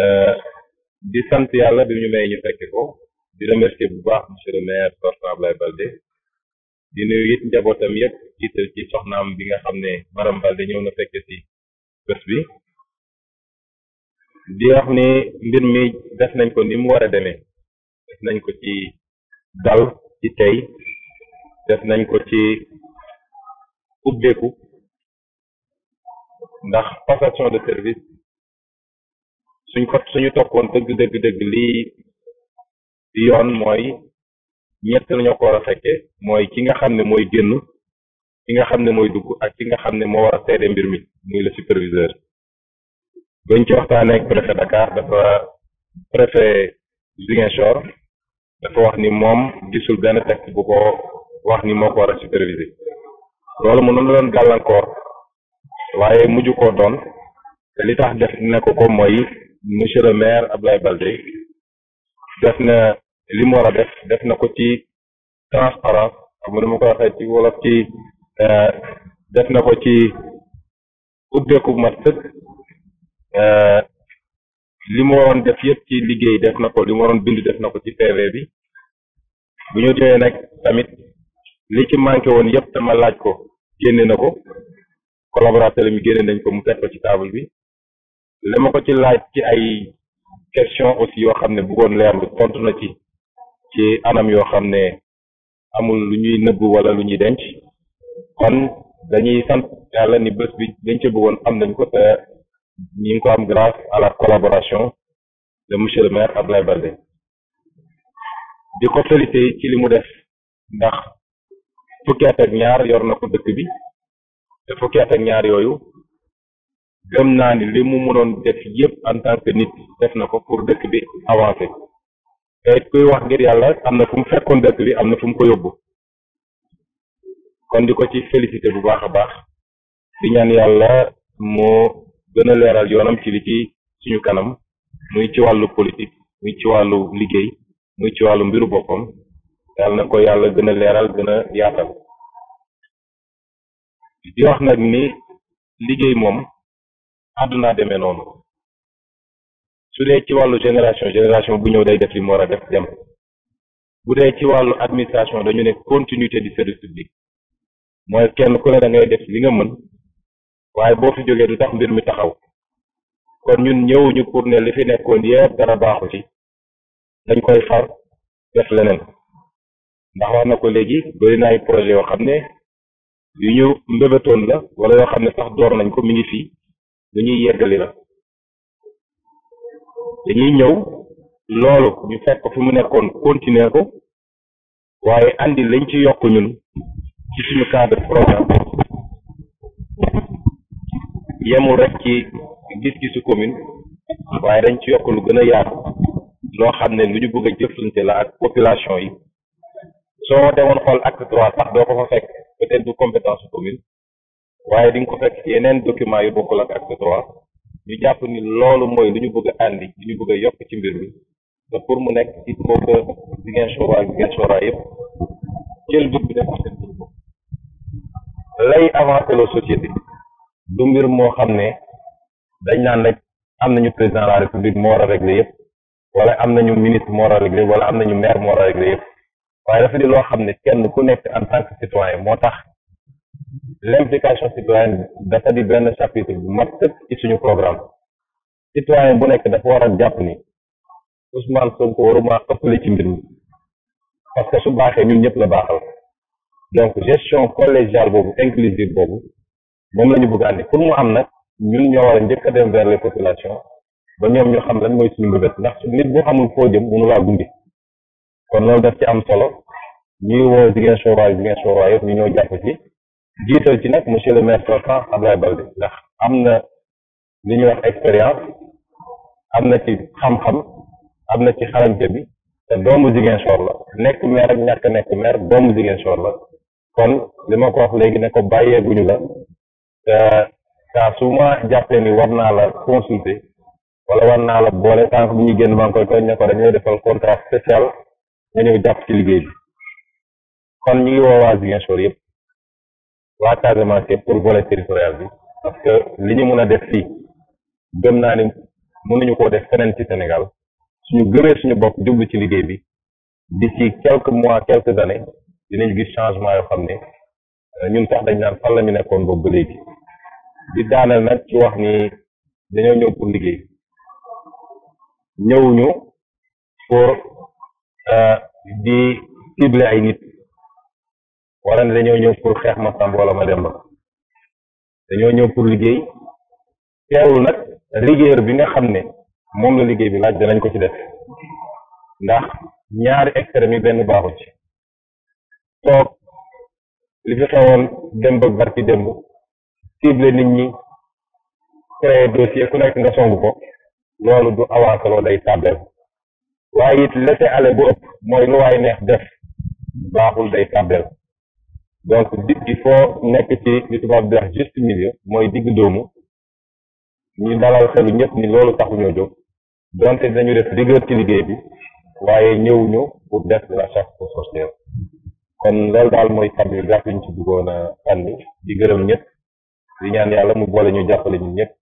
Euh, di sant yàlla bi ñu may ñu fekke ko di remercier bu baax monsieur le maire sortant Abdoulaye Baldé di nuyu njabootam yëpp jiital ci soxnaam bi nga xam ne Maram Baldé ñëw na fekke si bés bi di wax ni mbir mi def nañ ko ni mu war a demee def nañ ko ci dal ci tey def nañ ko ci ubbeeku ndax passation de service suñ ko suñu toppoon dëgg dëgg dëgg lii yoon mooy ñett lañoo ko war a fekke mooy ki nga xam ne mooy génn ki nga xam ne mooy dugg ak ki nga xam ne moo war a seede mbir mi muy le superviseur bañ ci waxtaanee ak préfet Dakar dafa préfet Ziguinchor dafa wax ni moom gisul benn texte bu ko wax ni moo ko war a superviser loolu mënoon na doon gàllankoor waaye mujj doon te li tax def ne ko ko monsieur le maire Abdoulaye Baldé def na li mu war def def na ko ci transparence xam nga ma ko waxee ci wolof ci euh, def na ko ci ubbeeku mat sëkk euh, li mu waroon def yëpp ci liggéey def na ko li mu waroon bind def na ko ci PV bi bu ñu ñëwee nag tamit li ci manqué woon yëpp dama laaj ko génne na ko collaborateur mi génne nañ ko mu teg ko ci taabul bi li ma ko ci laaj ci ay question aussi yoo xam ne bëggoon leerlu tontu na ci ci anam yoo xam ne amul lu ñuy nëbb wala lu ñuy denc kon dañuy sant yàlla ni bés bi dañ ci bëggoon am nañ ko te ñi ngi ko am grâce à la collaboration de monsieur le maire Abdoulaye Baldé di ko félicité ci li mu def ndax fukki at ak ñaar yor na ko dëkk bi te fukki at ak ñaar yooyu gëm naa ni li mu mënoon def yëpp en tant que nit def na ko pour dëkk bi avancer te kuy wax ngir yàlla am na fum mu fekkoon dëkk bi am na fu mu ko yóbbu kon di ko ci félicité bu baax a baax di ñaan yàlla moo gën a leeral yoonam ci li ci suñu kanam muy ci wàllu politique muy ci wàllu liggéey muy ci wàllu mbiru boppam yàlla na ko yàlla gën a leeral gën a yaatal di wax nag ni liggéey moom àdduna demee noonu su dee ci wàllu génération génération bu ñëw day def li mu war a def dem bu dee ci wàllu administration dañu ne continuité di service public mooy kenn ku ne da ngay def li nga mën waaye boo fi jógee du tax mbir mi taxaw kon ñun ñëwuñu pour ne li fi nekkoon yépp dara baaxu ci dañ koy far def leneen ndax wax na ko léegi bëri na projet yoo xam ne yu ñu mbébétoon la wala yoo xam ne sax door nañ ko mi ngi fii lu ñuy yeggali la dañuy ñëw loolu ñu fekk ko fi mu nekkoon continuer ko waaye andi lañ ci yokk ñun ci suñu cadre programme yemul rek ci gis-gisu commune waaye dañ ci yokk lu gën a yaatu loo xam ne lu ñu bëgg a jëflante la ak population yi soo demoon xool acte trois sax doo ko fa fekk peut-être du compétence commune waaye di ko fekk ci yeneen document yu bokkul ak acte trois ñu jàpp ni loolu mooy lu ñu bëgg a àndi lu ñu bëgg yokk ci mbir bi te pour mu nekk il faut que Ziguinchor ak Ziguinchora yëpp jël dugub bi def ko lay avancer société du mbir moo xam ne dañ naan rek am nañu président de la république moo war a régler yëpp wala am nañu ministre moo war a régler wala am nañu maire moo war a régler yëpp waaye dafa di loo xam ne kenn ku nekk en tant que citoyen moo tax. l'implication citoyenne dafa di benn chapitre bu mat sëkk ci suñu programme citoyen bu nekk dafa war ak jàpp ni Ousmane Sonko waruma ëppale ci mbir mi parce que su baaxee ñun ñëpp la baaxal donc gestion collégiale boobu inclusive boobu moom la ñu bëgg andi pour mu am nag ñun ñoo war a njëkk dem vers les ba ñoom ñu xam lan mooy suñu mbébét ndax nit bu xamul foo jëm mënu laa gunge kon loolu daf ci am solo ñuy woo Ziguinchor waay Ziguinchor waay yëpp ñu ñoo jàpp jiital ci nag monsieur le maire sortant Abdoulaye Baldé ndax am na li ñuy wax expérience am na ci xam-xam am na ci xarañte bi te doomu Ziguinchor la nekk maire ak ñàkk nekk maire doomu Ziguinchor la kon li ma ko wax léegi ne ko bàyyeeguñu la te saa su ma jàppee ni war naa la consulter wala war naa la boole tànk bi ñuy génn maa koy ne ko dañoo defal contrat spécial nga ñëw jàpp ci liggéey bi kon ñu ngi woo waa Ziguinchor yëpp waa Casamance yëpp pour volet territorial bi parce que li ñu mën a def fii gëm naa ni mënuñu koo def feneen ci Sénégal ñu gëmee suñu bokk jublu ci liggéey bi d'ici quelques mois quelques années dinañu gis changement yoo xam ne euh, ñun sax dañ naan fan ñu nekkoon boobu ba léegi di daaneel nag ci wax ni dañoo ñëw pour liggéey ñëwuñu pour euh, di cibler ay nit wala ne dañoo ñëw pour xeex ma sàmb wala ma dem ba dañoo ñëw pour liggéey teewul nag rigueur bi nga xam ne moom la liggéey bi laaj danañ ko ci def ndax ñaari extrême yi benn baaxu ci toog li fi xewoon démb barki démb cible nit ñi créer dossier ku nekk nga song ko loolu du avancé loolu day tàbbeel waaye it laisser aller bu ëpp mooy lu waay neex def baaxul day tàbbeel donc digg gi foo nekk ci li tubaab bi juste milieu mooy digg doomu ñu dalal xelu ñëpp ni loolu taxuñoo jóg donte dañu def rigueur ci liggéey bi waaye ñëwuñu pour def la chaque pour kon loolu daal mooy kàddu yi gàtt ñu ci bëggoon a di gërëm ñëpp di ñaan yàlla mu boole ñu jàppale ñu ñëpp.